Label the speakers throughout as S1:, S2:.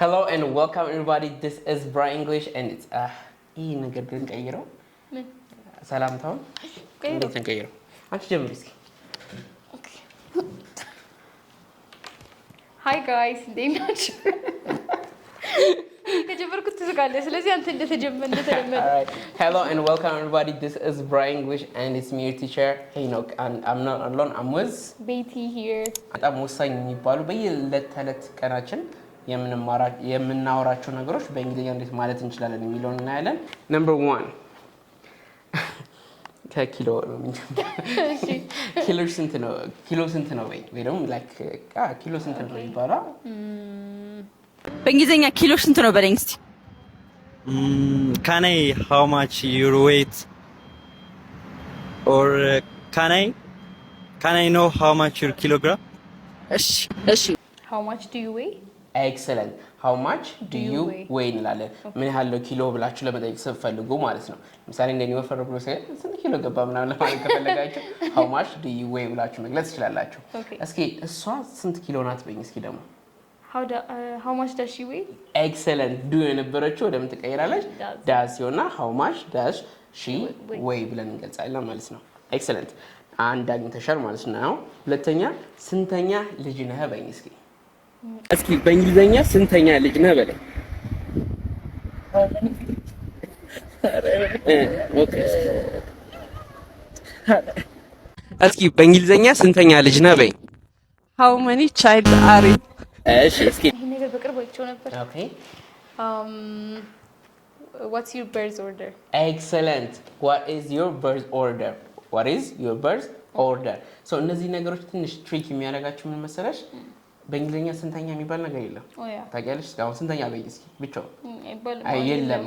S1: ሄሎ ኤንድ ዌልካም ኤቨሪባዲ ዲስ ኢዝ ብራይ እንግሊሽ ኤንድ ይህ ነገር ግን ቀይረው ሰላምታውን እንዴት ነው ቀይረው? አንቺ ጀምሪ እስኪ።
S2: ሀይ ጋይስ እንዴት ናችሁ? ከጀመርኩት ትዝጋለህ። ስለዚህ አንተ እንደተጀመረ
S1: እንደተለመደ ሄሎ ኤንድ ዌልካም ኤቨሪባዲ ዲስ ኢዝ ብራይ እንግሊሽ ኤንድ ኢትስ ሚ ዩር ቲቸር ሄኖክ ኤንድ አም ኖት አሎን አም ዊዝ
S2: ቤቲ ሂር።
S1: በጣም ወሳኝ የሚባሉ በየዕለት ተዕለት ቀናችን የምናወራቸው ነገሮች በእንግሊዝኛ እንዴት ማለት እንችላለን የሚለውን እናያለን። ነምበር ዋን ከኪሎ ነው ኪሎ ስንት ነው ወይ ደግሞ ኪሎ ስንት ነው ይባላ
S2: በእንግሊዝኛ ኪሎ ስንት ነው በለኝ እስኪ።
S1: ካናይ ሃው ማች ዩር ዌይት ኦር ካናይ ካናይ ኖ ሃው ማች ዩር ኪሎግራም።
S2: እሺ እሺ ሃው ማች ዱ ዩ ዌይ
S1: ኤክሰለንት ሀው ማች ዱ ዩ ዌይ እንላለን። ምን ያህል ነው ኪሎ ብላችሁ ለመጠየቅ ስትፈልጉ ማለት ነው። ምሳሌ እንደኔ ወፈር ብሎ ሲል ስንት ኪሎ ገባ ምናምን ለማለት ከፈለጋችሁ ሀው ማች ዱ ዩ ዌይ ብላችሁ መግለጽ
S2: ትችላላችሁ። እስኪ እሷ ስንት ኪሎ ናት በኝ እስኪ ደግሞ
S1: ኤክሰለንት ዱ uh, የነበረችው ወደምን ትቀይራለች? ዳስ ሲሆና ሀው ማች ዳሽ ሺ ዌይ ብለን እንገልጻለን ማለት ነው። ኤክሰለንት አንድ አግኝተሻል ማለት ነው። ሁለተኛ ስንተኛ ልጅ ነህ በኝ እስኪ እስኪ በእንግሊዘኛ ስንተኛ ልጅ ነህ በለኝ። እስኪ በእንግሊዘኛ ስንተኛ ልጅ ነህ በይ።
S2: ሃው መኒ ቻይልድ አሪ። እሺ እስኪ um, what's your birth order?
S1: excellent what is your birth order? what is your birth order? so እነዚህ ነገሮች ትንሽ ትሪክ የሚያደርጋቸው ምን መሰለሽ በእንግሊዝኛ ስንተኛ የሚባል ነገር የለም።
S2: ታውቂያለሽ? እስካሁን ስንተኛ በይ እስኪ
S1: ብቻው የለም።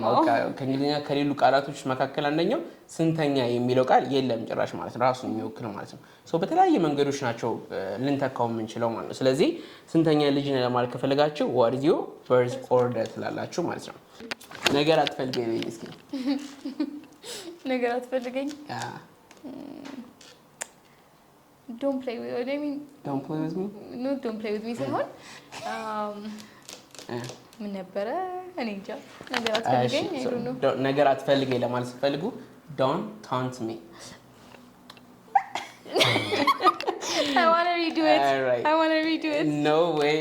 S1: ከእንግሊዝኛ ከሌሉ ቃላቶች መካከል አንደኛው ስንተኛ የሚለው ቃል የለም ጭራሽ ማለት ነው፣ ራሱ የሚወክል ማለት ነው። በተለያየ መንገዶች ናቸው ልንተካው የምንችለው ማለት ነው። ስለዚህ ስንተኛ ልጅ ለማለት ከፈለጋችሁ ዋት ዮ በርዝ ኦርደር ትላላችሁ ማለት ነው። ነገር አትፈልገኝ በይ እስኪ
S2: ነገር አትፈልገኝ Don't play with. ዶንት ፕሌይ ዊዝ አይ ሚን ዶንት ፕሌይ ዊዝ ሚ ኖ ዶንት ፕሌይ ዊዝ ሚ ሳይሆን ምን ነበረ? እኔ እንጃ
S1: ነገር አትፈልገኝ ነገር አትፈልገኝ ለማለት ስትፈልጉ ዶንት ታንት ሚ
S2: I want to redo it. All right. I want to redo it.
S1: No way.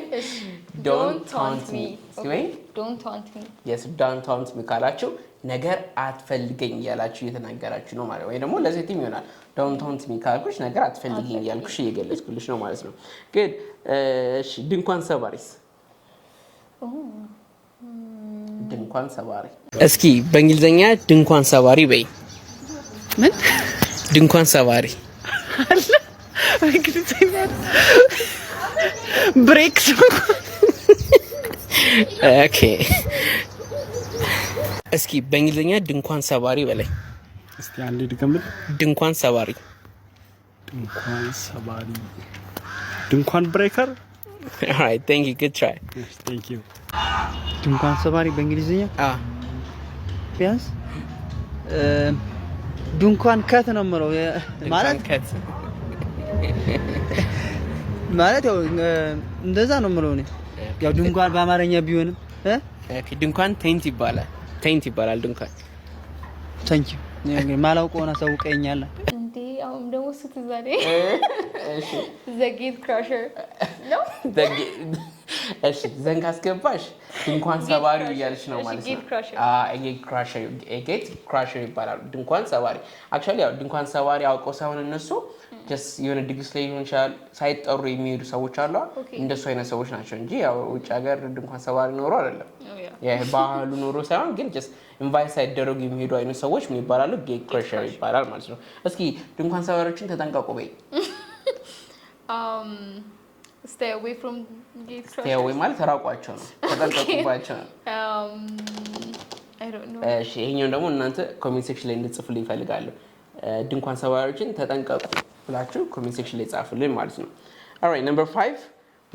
S1: don't, taunt, me. Okay.
S2: Don't taunt me.
S1: Yes, don't taunt me ካላችሁ ነገር አትፈልገኝ እያላችሁ እየተናገራችሁ ነው ማለት ወይ ደግሞ ለሴትም ይሆናል ዳውንታውን ትሚ ነገር አትፈልገኝ እያልኩሽ እየገለጽኩልሽ ነው ማለት ነው። ግን ድንኳን ሰባሪስ ድንኳን ሰባሪ እስኪ በእንግሊዝኛ ድንኳን ሰባሪ በይ። ምን ድንኳን ሰባሪ ብሬክስ ኦኬ እስኪ በእንግሊዝኛ ድንኳን ሰባሪ በላይ እስኪ አንዴ ድገምል። ድንኳን ሰባሪ፣ ድንኳን ሰባሪ፣ ድንኳን ብሬከር። ኦልራይት ቴንክ ዩ ጉድ ትራይ ቴንክ ዩ። ድንኳን ሰባሪ በእንግሊዝኛ ቢያንስ ድንኳን ከት ነው የምለው ማለት ማለት ያው እንደዛ ነው የምለው እኔ ያው ድንኳን በአማርኛ ቢሆንም ድንኳን ቴንት ይባላል። ቴንት ይባላል ድንኳን። ቴንክ ዩ እንግዲህ ማላውቀውን አሳውቀኛለ። ዘንግ አስገባሽ ድንኳን ሰባሪ እያለች
S2: ነው ማለት ነው።
S1: ጌት ክራሸር ይባላሉ ድንኳን ሰባሪ። አክቹዋሊ ድንኳን ሰባሪ አውቀው ሳይሆን እነሱ የሆነ ድግስ ላይ ሊሆን ይችላል ሳይጠሩ የሚሄዱ ሰዎች አሉ። እንደሱ አይነት ሰዎች ናቸው እንጂ ውጭ ሀገር ድንኳን ሰባሪ ኖሮ አይደለም ባህሉ ኖሮ ሳይሆን ግን ስ ኢንቫይት ሳይደረጉ የሚሄዱ አይነት ሰዎች ምን ይባላሉ? ጌት ክረሸር ይባላል ማለት ነው። እስኪ ድንኳን ሰባሪዎችን ተጠንቀቁ በይ።
S2: ስቴይ አዌይ um,
S1: ማለት ራቋቸው ነው፣ ተጠንቀቁባቸው ነው። um, ይሄኛውን ደግሞ እናንተ ኮሜንት ሴክሽን ላይ እንድጽፉልኝ እፈልጋለሁ። ድንኳን ሰባሪዎችን ተጠንቀቁ። ብላችሁ ኮሜንት ሴክሽን ላይ ጻፍልኝ ማለት ነው። ኦራይት ነምበር ፋይቭ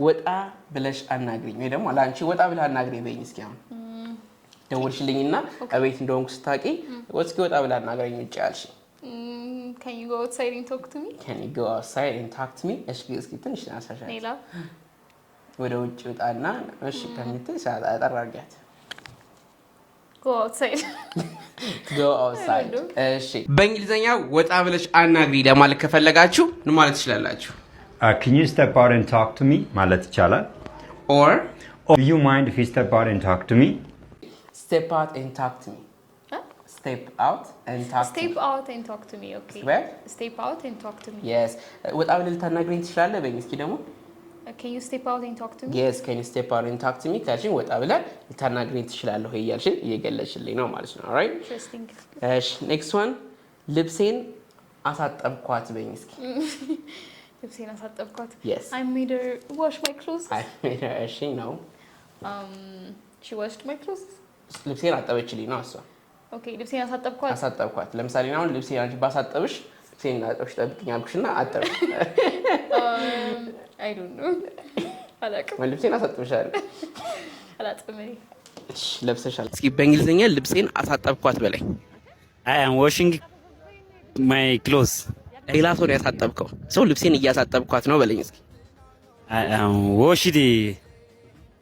S1: ወጣ ብለሽ አናግሪኝ ወይ ደግሞ ለአንቺ ወጣ ብለህ አናግሪኝ በይኝ እስኪ አሁን ደወልሽልኝና እቤት እንደሆንኩ ስታቂ እስኪ ወጣ ብለህ አናግሪኝ ውጭ ያልሽ ትንሽ ወደ ውጭ ውጣና እሺ ከምትል
S2: ጎ አውትሳይድ
S1: በእንግሊዝኛ ወጣ ብለሽ አናግሪ ለማለት ከፈለጋችሁ ማለት ትችላላችሁ። Can you step out and talk to me? ማለት ይቻላል። to me. Step out and talk to me. Okay. Step out and talk to me. Yes. ወጣ ብለህ ልታናግሪኝ ትችላለህ። በእንግሊዝኛ ደግሞ
S2: ስ ከን ስቴፕ አውት
S1: ኤንድ ታክ ቱ ሚ ከያልሽኝ ወጣ ብለን ልታናግሪኝ ትችላለህ እያልሽን እየገለሽልኝ ነው ማለት ነው። ኔክስት ዋን ልብሴን አሳጠብኳት በይኝ እስኪ።
S2: ልብሴን አሳጠብኳት
S1: ነው um, ልብሴን አጠበችልኝ ነው። ልብሴን አሳጠብኳት። ለምሳሌ አሁን ልብሴን ባሳጠብሽ ልብሴን አጠብሽ ጠብቅኝ አልኩሽና አጠብሽ አይ ዶንት ኖ ልብሴን አሳጥብሻለሁ። ለብሰሻል። እስኪ በእንግሊዝኛ ልብሴን አሳጠብኳት በላይ አይ አም ዋሽንግ ማይ ክሎዝ ሌላ ሰው ነው ያሳጠብከው። ሰው ልብሴን እያሳጠብኳት ነው በለኝ እስኪ። ወሽድ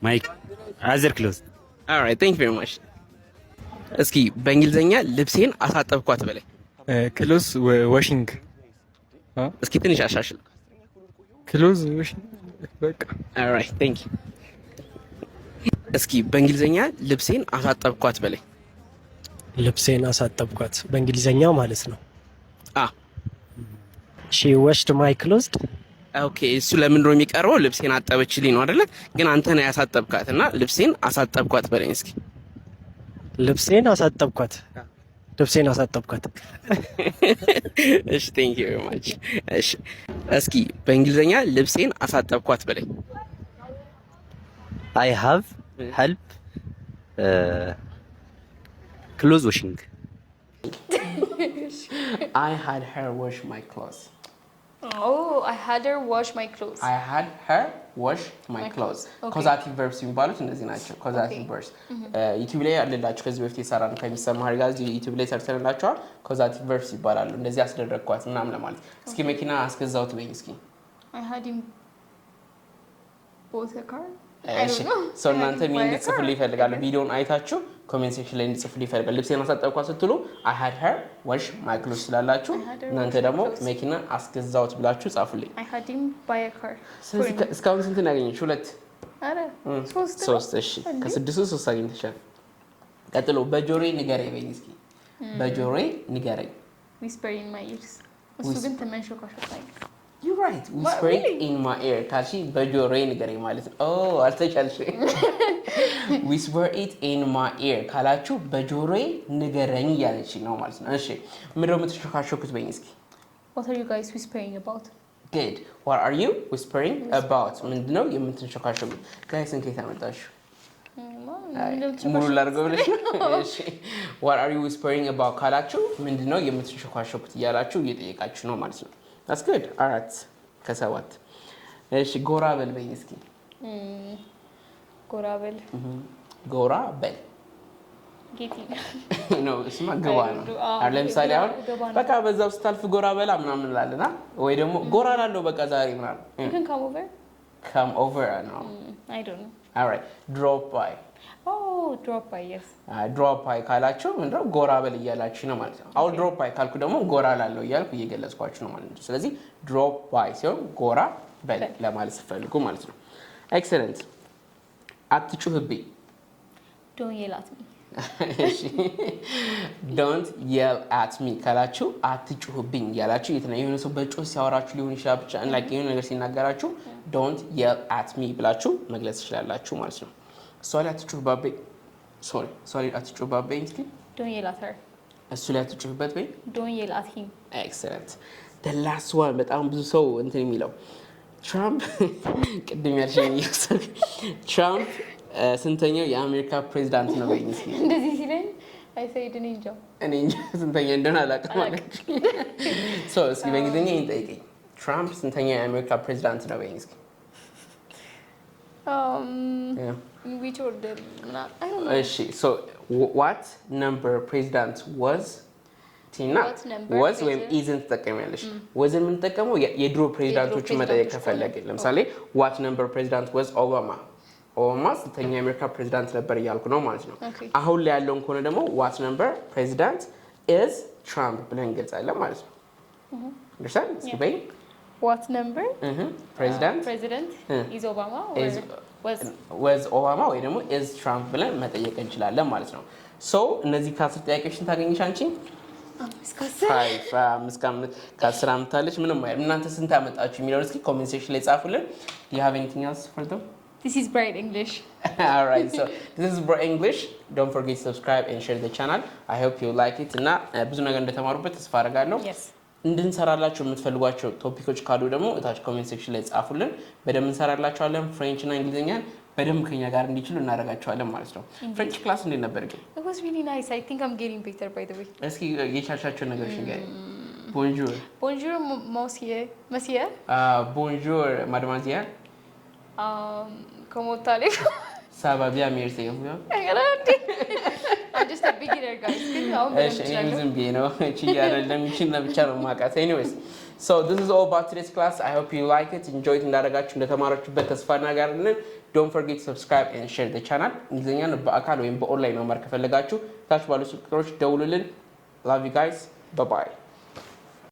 S1: ማይ አዘር ክሎዝ ኦልራይት ቴንክ ዩ ቬሪ ማች። እስኪ በእንግሊዝኛ ልብሴን አሳጠብኳት በላይ ክሎዝ ዋሽንግ። እስኪ ትንሽ አሻሽል እስኪ በእንግሊዝኛ ልብሴን አሳጠብኳት በለኝ። ልብሴን አሳጠብኳት በእንግሊዝኛ ማለት ነው። አ ሺ ወሽድ ማይ ክሎዝድ። ኦኬ። እሱ ለምንድን ነው የሚቀርበው? ልብሴን አጠበችልኝ ነው አይደለ? ግን አንተ ነው ያሳጠብካት እና ልብሴን አሳጠብኳት በለኝ እስኪ። ልብሴን አሳጠብኳት ልብሴን አሳጠብኳት። እሺ ቴንክ ዩ ቬሪ ማች። እሺ እስኪ በእንግሊዝኛ ልብሴን አሳጠብኳት በለኝ። አይ ሃቭ ሄልፕ ክሎዝ ዋሽንግ አይ ሃድ ሄር ዋሽ ማይ ክሎዝ
S2: አይ ሃድ ሄር ዋሽ ማይ ክሎዝ
S1: አይ ሃድ ሄር ዋሽ ማይ ክሎዝ ኮዛቲቭ ቨርብስ የሚባሉት እነዚህ ናቸው። ኮዛቲቭ ቨርብስ ዩቲዩብ ላይ አለላችሁ። ከዚህ በፊት የሰራን ከሚሰማህ ጋር ዩቲዩብ ላይ ሰርተንላችኋል። ኮዛቲቭ ቨርብስ ይባላሉ። እንደዚህ አስደረግኳት ምናምን ለማለት እስኪ መኪና አስገዛሁት በይኝ እስኪ ሰው uh, እናንተ ሚንድ ጽፉልኝ ይፈልጋለሁ ቪዲዮን አይታችሁ ኮሜንት ሴክሽን ላይ እንድጽፉልኝ ይፈልጋል። ልብሴን አሳጠብኳ ስትሉ አይ ሃድ ሄር ዋሽ ማይ ክሎዝ ስላላችሁ እናንተ ደግሞ መኪና አስገዛሁት ብላችሁ ጻፉልኝ። እስካሁን ስንት ነው ያገኘች? ሁለት ሶስት። እሺ ከስድስቱ ሶስት አግኝተሻል። ቀጥሎ በጆሮዬ ንገረኝ በይኝ እስኪ። በጆሮዬ ንገረኝ።
S2: ዊስፐር ኢን ማይ ኢርስ። እሱ ግን ትመንሾካሾካ
S1: ካልሽ በጆሮዬ ንገረኝ ማለት ነው። አልተቻልሽ ዊስፐር ኢት ኢን ማይ ኤር ካላችሁ በጆሮዬ ንገረኝ እያለች ነው ማለት ነው። እሺ ምንድን ነው የምትሾካሾኩት? በይኝ እስኪ ዊስፐሪንግ አባውት ምንድን ነው የምትሾካሾኩት? ጋይስን ከየት አመጣችሁ? ሙሉ ላድርገው ብለሽ ዋት አር ዩ ዊስፐሪንግ አባውት ካላችሁ ምንድነው ነው እያላችሁ እየጠየቃችሁ ነው ማለት ነው። አስገድ አራት ከሰባት እሺ፣ ጎራ በል በይ እስኪ። ጎራ በል ጎራ በል እሱማ፣ ግባ ነው። ለምሳሌ አሁን በቃ በዛው ስታልፍ ጎራ በላ ምናምን እላለና ወይ ደግሞ ጎራ ላለው በቃ ዛሬ
S2: ምናምን
S1: ካም ኦቨር ነው። all right drop by
S2: ድሮፕ ባይ የስ
S1: ድሮፕ ባይ ካላችሁ ምንድነው ጎራ በል እያላችሁ ነው ማለት ነው። አሁን ድሮፕ ባይ ካልኩ ደግሞ ጎራ ላለው እያልኩ እየገለጽኳችሁ ነው ማለት ነው። ስለዚህ ድሮፕ ባይ ሲሆን ጎራ በል ለማለት ስትፈልጉ ማለት ነው። ኤክሰለንት። አትጩህብኝ። ዶንት የል አት ዶንት የል አት ሚ ካላችሁ አትጩሁብኝ ያላችሁ የተለያዩ የሆነ ሰው በጩህ ሲያወራችሁ ሊሆን ይችላል። ብቻ የሆነ ነገር ሲናገራችሁ ዶንት የል አት ሚ ብላችሁ መግለጽ ትችላላችሁ ማለት ነው። እሷ ላይ አትጩህባበኝ፣ ሶሪ፣ እሷ እስኪ እሱ ላይ አትጩህበት በይ። ኤክሰለንት ደላስ ዋን በጣም ብዙ ሰው እንትን የሚለው ትራምፕ ቅድም ያልሽ ትራምፕ ስንተኛው የአሜሪካ ፕሬዚዳንት ነው በይኝ እስኪ።
S2: እንደዚህ ሲለኝ አይሰይድን እንጃ
S1: እኔ እንጃ ስንተኛ እንደሆነ አላውቅም አለች። እስኪ በእንግሊዝኛ ይህን ጠይቀኝ። ትራምፕ ስንተኛ የአሜሪካ ፕሬዚዳንት ነው በይኝ እስኪ። ዋት ነምበር ፕሬዚዳንት ወዝ ቲና ወዝ ወይም ኢዝን ትጠቀሚያለሽ። ወዝን የምንጠቀመው የድሮ ፕሬዚዳንቶችን መጠየቅ ከፈለግን፣ ለምሳሌ ዋት ነምበር ፕሬዚዳንት ወዝ ኦባማ ኦባማ ስልተኛ የአሜሪካ ፕሬዚዳንት ነበር እያልኩ ነው ማለት ነው። አሁን ላይ ያለውን ከሆነ ደግሞ ዋት ነምበር ፕሬዚዳንት ኢዝ ትራምፕ ብለን እንገልጻለን ማለት ነው። ደርሰን እስኪ በይ ዋት ነምበር ፕሬዚዳንት ኢዝ ኦባማ ወይ ደግሞ ኢዝ ትራምፕ ብለን መጠየቅ እንችላለን ማለት ነው። ሶ እነዚህ ከአስር ጥያቄዎችን ታገኝሽ አንቺ ከአስር አምታለች። ምንም እናንተ ስንት አመጣችሁ የሚለውን እስኪ ኮሜንት ሴክሽን ላይ ጻፉልን። ዩ ሃቭ ኤኒቲንግ ኤልስ ፎር ዘም This is Bright English. All right, so this is Bright English. Don't forget to subscribe and share the channel. I hope you like it እና eh, ብዙ ነገር እንደተማሩበት ተስፋ አደርጋለሁ። እንድንሰራላችሁ የምትፈልጓቸው ቶፒኮች ካሉ ደግሞ እታች ኮሜንት ሴክሽን ላይ ጻፉልን። በደንብ እንሰራላችኋለን። ፍሬንች እና እንግሊዝኛን በደንብ ከኛ ጋር እንዲችሉ እናደርጋቸዋለን ማለት ነው። ፍሬንች ክላስ እንዴት ነበር ግን? It was really nice. I think I'm getting better by the way. እስኪ eh, የቻልሻቸው ነገሮች ንገሪኝ። ቦንጆር ቦንጆር፣ መስዬ ቦንጆር ማድማዚያል Come eh, on, Talib. Sabah bir Amir ዝም ብዬ ነው እቺ እያደለም ይችን ለብቻ ነው የማውቃት። ኤኒዌይስ ሶ ዲስ ኢዝ ኦል አባውት ቱዴይስ ክላስ አይ ሆፕ ዩ ላይክ ኢት ኢንጆይ እንዳደረጋችሁ እንደተማራችሁበት ተስፋ እናደርጋለን። ዶንት ፎርጌት ሰብስክራይብ ኤንድ ሼር ዘ ቻናል። እንግሊዝኛን በአካል ወይም በኦንላይን መማር ከፈለጋችሁ ታች ባሉ ስልክ ቁጥሮች ደውሉልን። ላቭ ዩ ጋይስ ባይ ባይ።